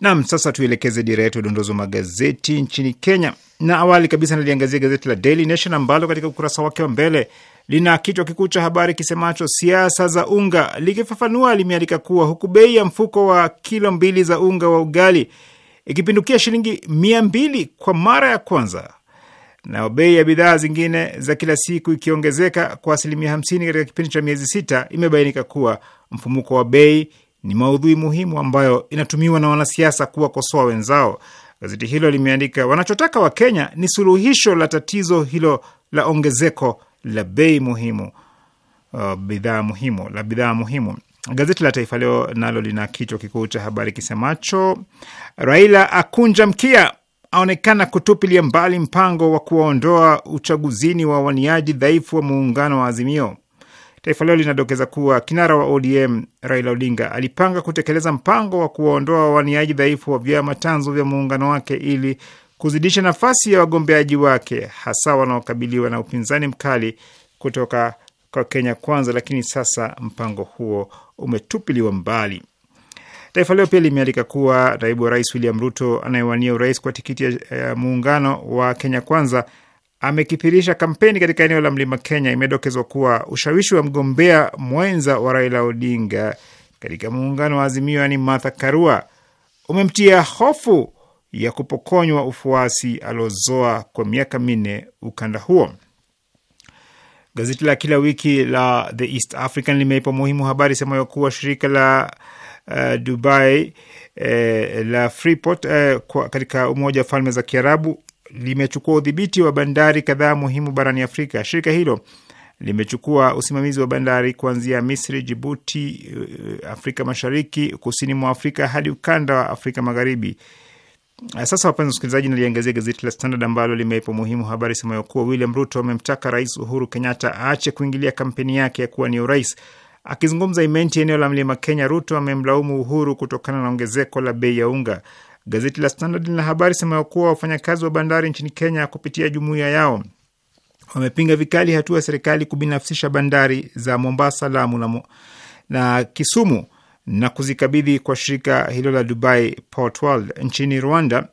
Nam, sasa tuelekeze dira yetu ya udondozi wa magazeti nchini Kenya, na awali kabisa naliangazia gazeti la Daily Nation ambalo katika ukurasa wake wa mbele lina kichwa kikuu cha habari kisemacho siasa za unga. Likifafanua, limeandika kuwa huku bei ya mfuko wa kilo mbili za unga wa ugali ikipindukia shilingi mia mbili kwa mara ya kwanza, na bei ya bidhaa zingine za kila siku ikiongezeka kwa asilimia 50 katika kipindi cha miezi sita, imebainika kuwa mfumuko wa bei ni maudhui muhimu ambayo inatumiwa na wanasiasa kuwakosoa wenzao. Gazeti hilo limeandika, wanachotaka Wakenya ni suluhisho la tatizo hilo la ongezeko la bei muhimu, uh, bidhaa muhimu la bidhaa muhimu. Gazeti la Taifa Leo nalo lina kichwa kikuu cha habari kisemacho Raila akunja mkia aonekana kutupilia mbali mpango wa kuwaondoa uchaguzini wa waniaji dhaifu wa muungano wa Azimio. Taifa Leo linadokeza kuwa kinara wa ODM Raila Odinga alipanga kutekeleza mpango wa kuwaondoa wawaniaji dhaifu wa vyama tanzo vya muungano wake ili kuzidisha nafasi ya wagombeaji wake, hasa wanaokabiliwa na upinzani mkali kutoka kwa Kenya Kwanza, lakini sasa mpango huo umetupiliwa mbali. Taifa Leo pia limeandika kuwa naibu wa rais William Ruto anayewania urais kwa tikiti ya uh, muungano wa Kenya Kwanza amekipirisha kampeni katika eneo la mlima Kenya. Imedokezwa kuwa ushawishi wa mgombea mwenza wa Raila Odinga katika muungano wa Azimio, yaani Martha Karua, umemtia hofu ya kupokonywa ufuasi aliozoa kwa miaka minne ukanda huo. Gazeti la kila wiki la The East African limeipa muhimu habari semayo kuwa shirika la uh, Dubai eh, la Freeport eh, kwa, katika Umoja wa Falme za Kiarabu limechukua udhibiti wa bandari kadhaa muhimu barani Afrika. Shirika hilo limechukua usimamizi wa bandari kuanzia Misri, Jibuti, eh, Afrika Mashariki, kusini mwa Afrika hadi ukanda wa Afrika Magharibi. Eh, sasa wapenzi wasikilizaji, naliangazia gazeti la Standard ambalo limeipa muhimu habari semayo kuwa William Ruto amemtaka Rais Uhuru Kenyatta aache kuingilia kampeni yake ya kuwa ni urais. Akizungumza Imenti, eneo la mlima Kenya, Ruto amemlaumu Uhuru kutokana na ongezeko la bei ya unga. Gazeti la Standard lina habari sema kuwa wafanyakazi wa bandari nchini Kenya kupitia jumuiya yao wamepinga vikali hatua ya serikali kubinafsisha bandari za Mombasa, Lamu na, mo na Kisumu na kuzikabidhi kwa shirika hilo la Dubai Port World. Nchini Rwanda,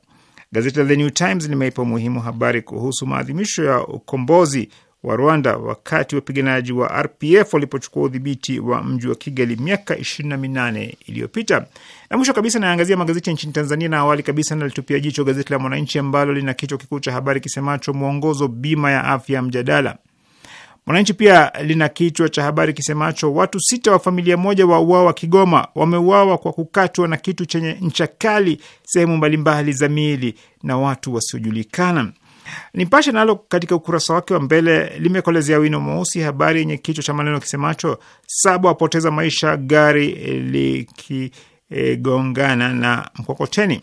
gazeti la The New Times limeipa umuhimu habari kuhusu maadhimisho ya ukombozi wa Rwanda wakati wapiganaji wa RPF walipochukua udhibiti wa mji wa Kigali miaka 28 minane iliyopita. Na mwisho kabisa, naangazia magazeti nchini Tanzania, na awali kabisa nalitupia jicho gazeti la Mwananchi ambalo lina kichwa kikuu cha habari kisemacho mwongozo bima ya afya mjadala. Mwananchi pia lina kichwa cha habari kisemacho watu sita wa familia moja wauawa Kigoma, wameuawa kwa kukatwa na kitu chenye ncha kali sehemu mbalimbali za miili na watu wasiojulikana. Nipashe nalo katika ukurasa wake wa mbele limekolezea wino mweusi habari yenye kichwa cha maneno kisemacho saba wapoteza maisha gari likigongana e, na mkokoteni.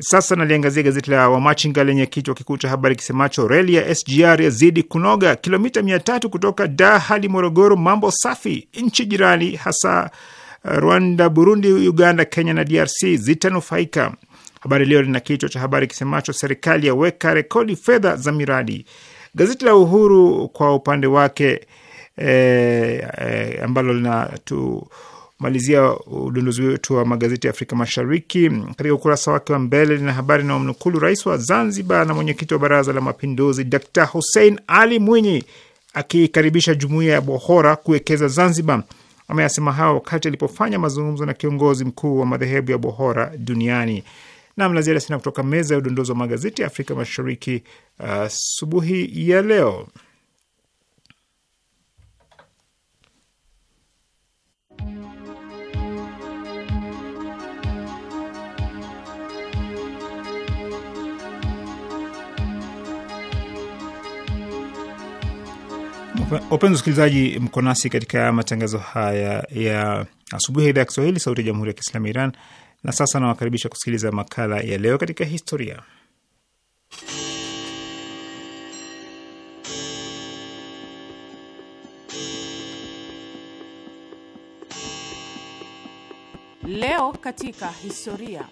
Sasa naliangazia gazeti la Wamachinga lenye kichwa kikuu cha habari kisemacho reli ya SGR yazidi kunoga, kilomita mia tatu kutoka Dar hadi Morogoro, mambo safi. Nchi jirani hasa Rwanda, Burundi, Uganda, Kenya na DRC zitanufaika. Habari Leo lina kichwa cha habari kisemacho serikali yaweka rekodi fedha za miradi. Gazeti la Uhuru kwa upande wake e, e, ambalo linatumalizia udunduzi wetu wa magazeti ya Afrika Mashariki, katika ukurasa wake wa mbele lina habari na mnukulu rais wa Zanzibar na mwenyekiti wa Baraza la Mapinduzi d Hussein Ali Mwinyi akikaribisha jumuiya ya Bohora kuwekeza Zanzibar. Ameyasema hayo wakati alipofanya mazungumzo na kiongozi mkuu wa madhehebu ya Bohora duniani Nam la ziada sina kutoka meza ya udondozi wa magazeti ya Afrika Mashariki uh, asubuhi uh, ya leo. Wapenzi wasikilizaji, mko nasi katika matangazo haya ya asubuhi ya idhaa ya Kiswahili, sauti ya jamhuri ya kiislamu ya Iran. Na sasa nawakaribisha kusikiliza makala ya leo katika historia. Leo katika historia.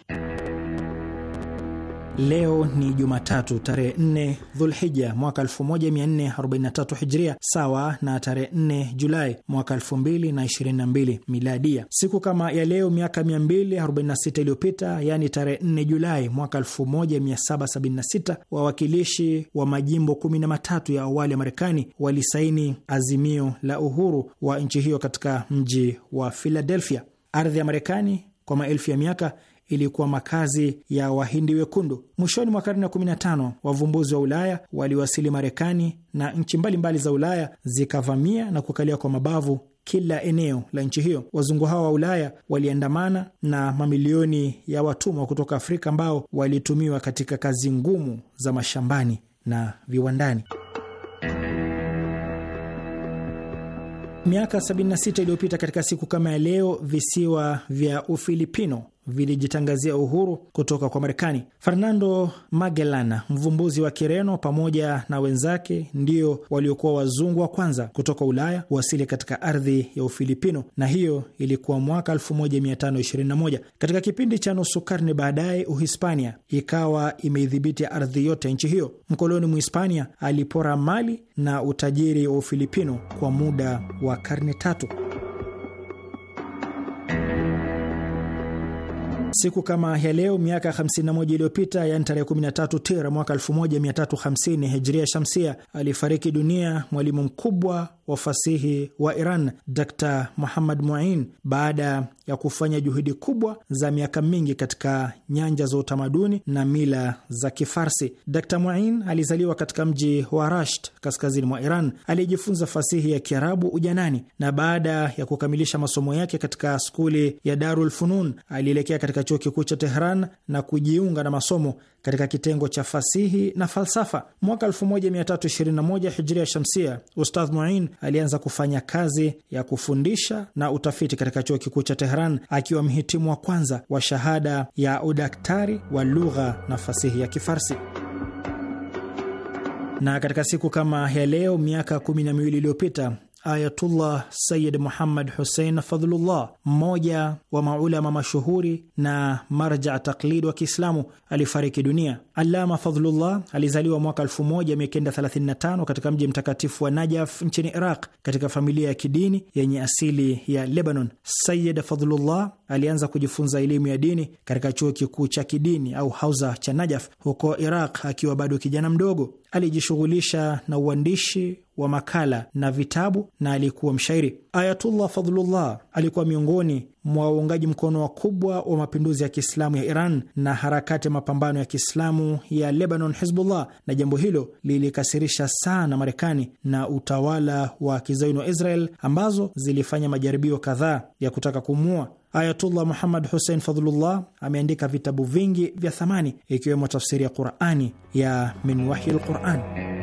Leo ni Jumatatu tarehe 4 Dhulhija mwaka 1443 Hijria, sawa na tarehe 4 Julai mwaka 2022 Miladia. Siku kama ya leo miaka 246 iliyopita, yaani tarehe 4 Julai mwaka 1776, wawakilishi wa majimbo 13 ya awali ya Marekani walisaini azimio la uhuru wa nchi hiyo katika mji wa Philadelphia. Ardhi ya Marekani kwa maelfu ya miaka ilikuwa makazi ya Wahindi wekundu. Mwishoni mwa karne ya 15 wavumbuzi wa Ulaya waliwasili Marekani na nchi mbalimbali za Ulaya zikavamia na kukalia kwa mabavu kila eneo la nchi hiyo. Wazungu hawa wa Ulaya waliandamana na mamilioni ya watumwa kutoka Afrika ambao walitumiwa katika kazi ngumu za mashambani na viwandani. Miaka 76 iliyopita katika siku kama ya leo, visiwa vya Ufilipino vilijitangazia uhuru kutoka kwa Marekani. Fernando Magellan, mvumbuzi wa Kireno, pamoja na wenzake ndio waliokuwa wazungu wa kwanza kutoka Ulaya kuwasili katika ardhi ya Ufilipino, na hiyo ilikuwa mwaka 1521. Katika kipindi cha nusu karne baadaye, Uhispania ikawa imeidhibiti ardhi yote ya nchi hiyo. Mkoloni Muhispania alipora mali na utajiri wa Ufilipino kwa muda wa karne tatu. Siku kama ya leo miaka 51 iliyopita, yani tarehe 13 Tira mwaka 1350 hijria shamsia, alifariki dunia mwalimu mkubwa wa fasihi wa Iran Dr Muhammad Muin baada ya kufanya juhudi kubwa za miaka mingi katika nyanja za utamaduni na mila za Kifarsi. Dr Muin alizaliwa katika mji wa Rasht kaskazini mwa Iran. Aliyejifunza fasihi ya Kiarabu ujanani na baada ya kukamilisha masomo yake katika skuli ya Darul Funun alielekea katika chuo kikuu cha Tehran na kujiunga na masomo katika kitengo cha fasihi na falsafa. Mwaka 1321 hijria shamsia, Ustadh Muin alianza kufanya kazi ya kufundisha na utafiti katika chuo kikuu cha Tehran akiwa mhitimu wa kwanza wa shahada ya udaktari wa lugha na fasihi ya Kifarsi na katika siku kama ya leo miaka kumi na miwili iliyopita Ayatullah Sayid Muhammad Hussein Fadhlullah, mmoja wa maulama mashuhuri na marja taklid wa Kiislamu, alifariki dunia. Allama Fadhlullah alizaliwa mwaka 1935 katika mji mtakatifu wa Najaf nchini Iraq, katika familia ya kidini yenye asili ya Lebanon. Sayid Fadhlullah alianza kujifunza elimu ya dini katika chuo kikuu cha kidini au hauza cha Najaf huko Iraq. Akiwa bado kijana mdogo, alijishughulisha na uandishi wa makala na vitabu na alikuwa mshairi. Ayatullah Fadhlullah alikuwa miongoni mwa waungaji mkono wakubwa wa mapinduzi ya Kiislamu ya Iran na harakati ya mapambano ya Kiislamu ya Lebanon, Hizbullah, na jambo hilo lilikasirisha sana Marekani na utawala wa kizayuni wa Israel ambazo zilifanya majaribio kadhaa ya kutaka kumua Ayatullah Muhammad Hussein Fadhlullah. Ameandika vitabu vingi vya thamani ikiwemo tafsiri ya Qurani ya Minwahi Lquran.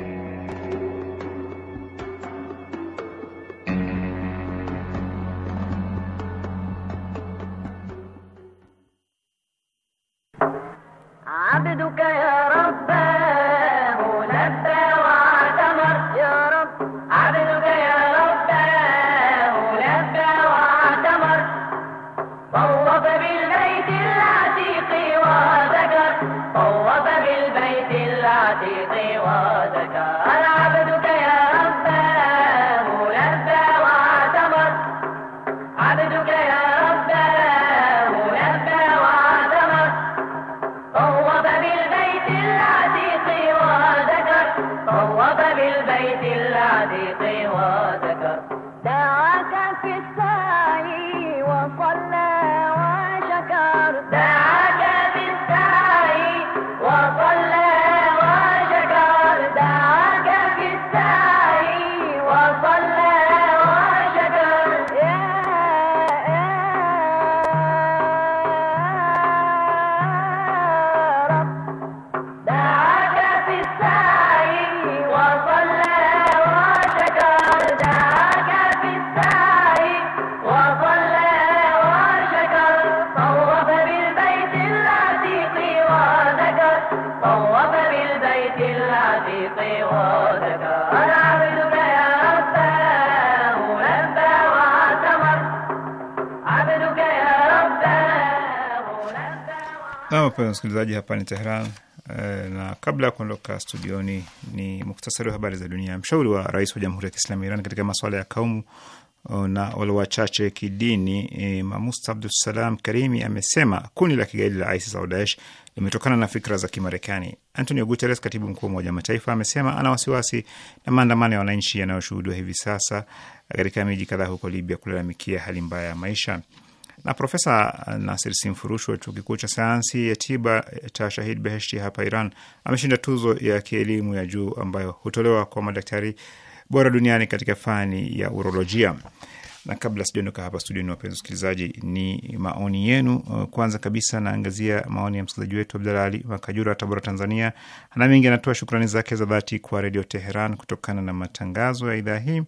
Nam msikilizaji, hapa ni Teheran eh, na kabla ya kuondoka studioni ni, ni muktasari wa habari za dunia. Mshauri wa rais wa Jamhuri ya Kiislamu ya Iran katika masuala ya kaumu eh, na walio wachache kidini e, eh, Mamusta Abdusalam Karimi amesema kundi la kigaidi la ISIS au Daesh limetokana na fikra za Kimarekani. Antonio Guterres, katibu mkuu wa Umoja wa Mataifa, amesema ana wasiwasi na maandamano ya wananchi yanayoshuhudiwa hivi sasa katika miji kadhaa huko Libya kulalamikia hali mbaya ya maisha. Na Profesa Nasir Simfurushu wa chuo kikuu cha sayansi ya tiba cha Shahid Beheshti hapa Iran ameshinda tuzo ya kielimu ya juu ambayo hutolewa kwa madaktari bora duniani katika fani ya urolojia. Na kabla sijaondoka hapa studioni, wapenzi wasikilizaji, ni maoni yenu. Kwanza kabisa naangazia maoni ya msikilizaji wetu Abdala Ali Makajura, Tabora, Tanzania. Ana mengi, anatoa shukrani zake za dhati kwa Redio Teheran kutokana na matangazo ya idhaa hii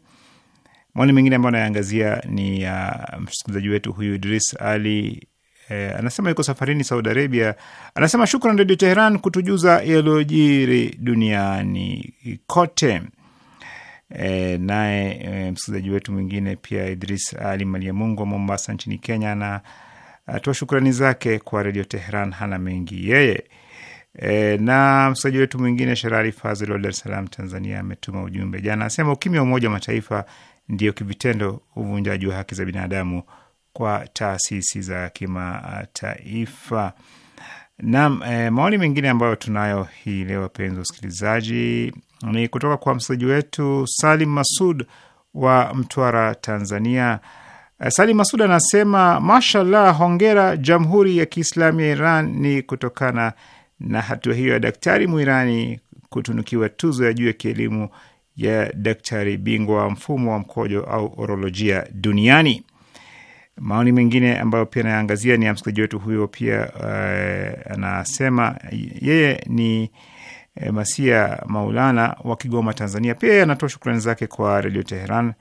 Maoni mengine ambayo anayeangazia ni ya uh, msikilizaji wetu huyu Idris Ali eh, anasema yuko safarini Saudi Arabia. Anasema shukran Redio Teheran kutujuza yaliyojiri duniani kote. E, naye e, msikilizaji wetu mwingine pia Idris Ali Maliamungu wa Mombasa nchini Kenya na atoa shukrani zake kwa Redio Teheran. Hana mengi yeye. E, na msikilizaji wetu mwingine Sherari Fazil wa Dar es Salaam, Tanzania ametuma ujumbe jana, anasema ukimya wa Umoja wa Mataifa ndiyo kivitendo uvunjaji wa haki za binadamu kwa taasisi za kimataifa. Naam, e, maoni mengine ambayo tunayo hii leo wapenzi wasikilizaji, ni kutoka kwa msikilizaji wetu Salim Masud wa Mtwara, Tanzania. Eh, Salim Masud anasema mashallah, hongera Jamhuri ya Kiislamu ya Iran ni kutokana na hatua hiyo ya daktari Mwirani kutunukiwa tuzo ya juu ya kielimu ya daktari bingwa wa mfumo wa mkojo au orolojia duniani. Maoni mengine ambayo pia anayaangazia ni ya msikilizaji wetu huyo pia. Uh, anasema yeye ni uh, Masia Maulana wa Kigoma, Tanzania. Pia anatoa shukrani zake kwa Redio Teheran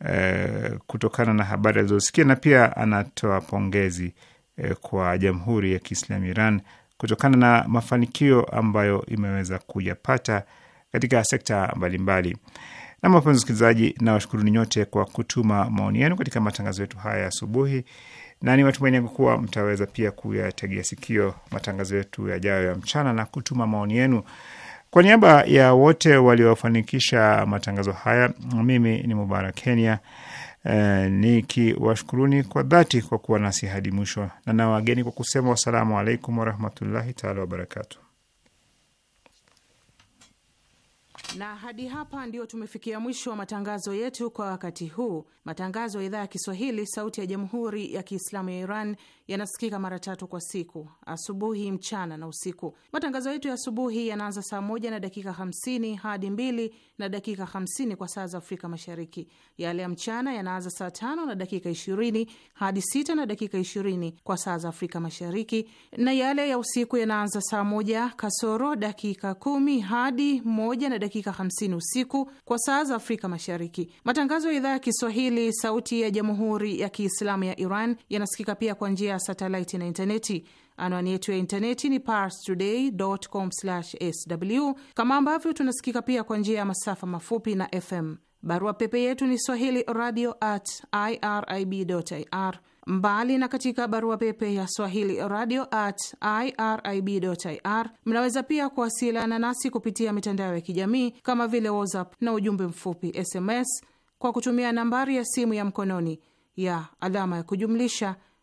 uh, kutokana na habari alizosikia, na pia anatoa pongezi uh, kwa Jamhuri ya Kiislamu Iran kutokana na mafanikio ambayo imeweza kuyapata katika sekta mbalimbali. Nam, wapenzi wasikilizaji, na ni nyote kwa kutuma maoni yenu katika matangazo yetu haya asubuhi, na ni matumaini yangu kuwa mtaweza pia kuyategea sikio matangazo yetu yajayo ya mchana na kutuma maoni yenu. Kwa niaba ya wote waliofanikisha matangazo haya, mimi ni Mubarak Kenya e, nikiwashukuruni kwa dhati kwa kuwa nasi hadi mwisho, na nawageni kwa kusema wassalamu alaikum warahmatullahi taala wabarakatuh. Na hadi hapa ndiyo tumefikia mwisho wa matangazo yetu kwa wakati huu. Matangazo ya idhaa ya Kiswahili, sauti ya jamhuri ya kiislamu ya Iran yanasikika mara tatu kwa siku: asubuhi, mchana na usiku. Matangazo yetu ya asubuhi yanaanza saa moja na dakika hamsini hadi mbili na dakika hamsini kwa saa za Afrika Mashariki. Yale ya mchana yanaanza saa tano na dakika ishirini hadi sita na dakika ishirini kwa saa za Afrika Mashariki, na yale ya usiku yanaanza saa moja kasoro dakika kumi hadi moja na dakika hamsini usiku kwa saa za Afrika Mashariki. Matangazo ya idhaa ya Kiswahili, Sauti ya Jamhuri ya Kiislamu ya Iran yanasikika pia kwa njia satelaiti na intaneti. Anwani yetu ya intaneti ni parstoday.com/sw, kama ambavyo tunasikika pia kwa njia ya masafa mafupi na FM. Barua pepe yetu ni swahili radio at irib.ir. Mbali na katika barua pepe ya swahili radio at irib.ir, mnaweza pia kuwasiliana nasi kupitia mitandao ya kijamii kama vile WhatsApp na ujumbe mfupi SMS kwa kutumia nambari ya simu ya mkononi ya alama ya kujumlisha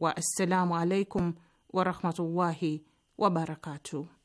wa assalamu alaikum warahmatullahi wabarakatu.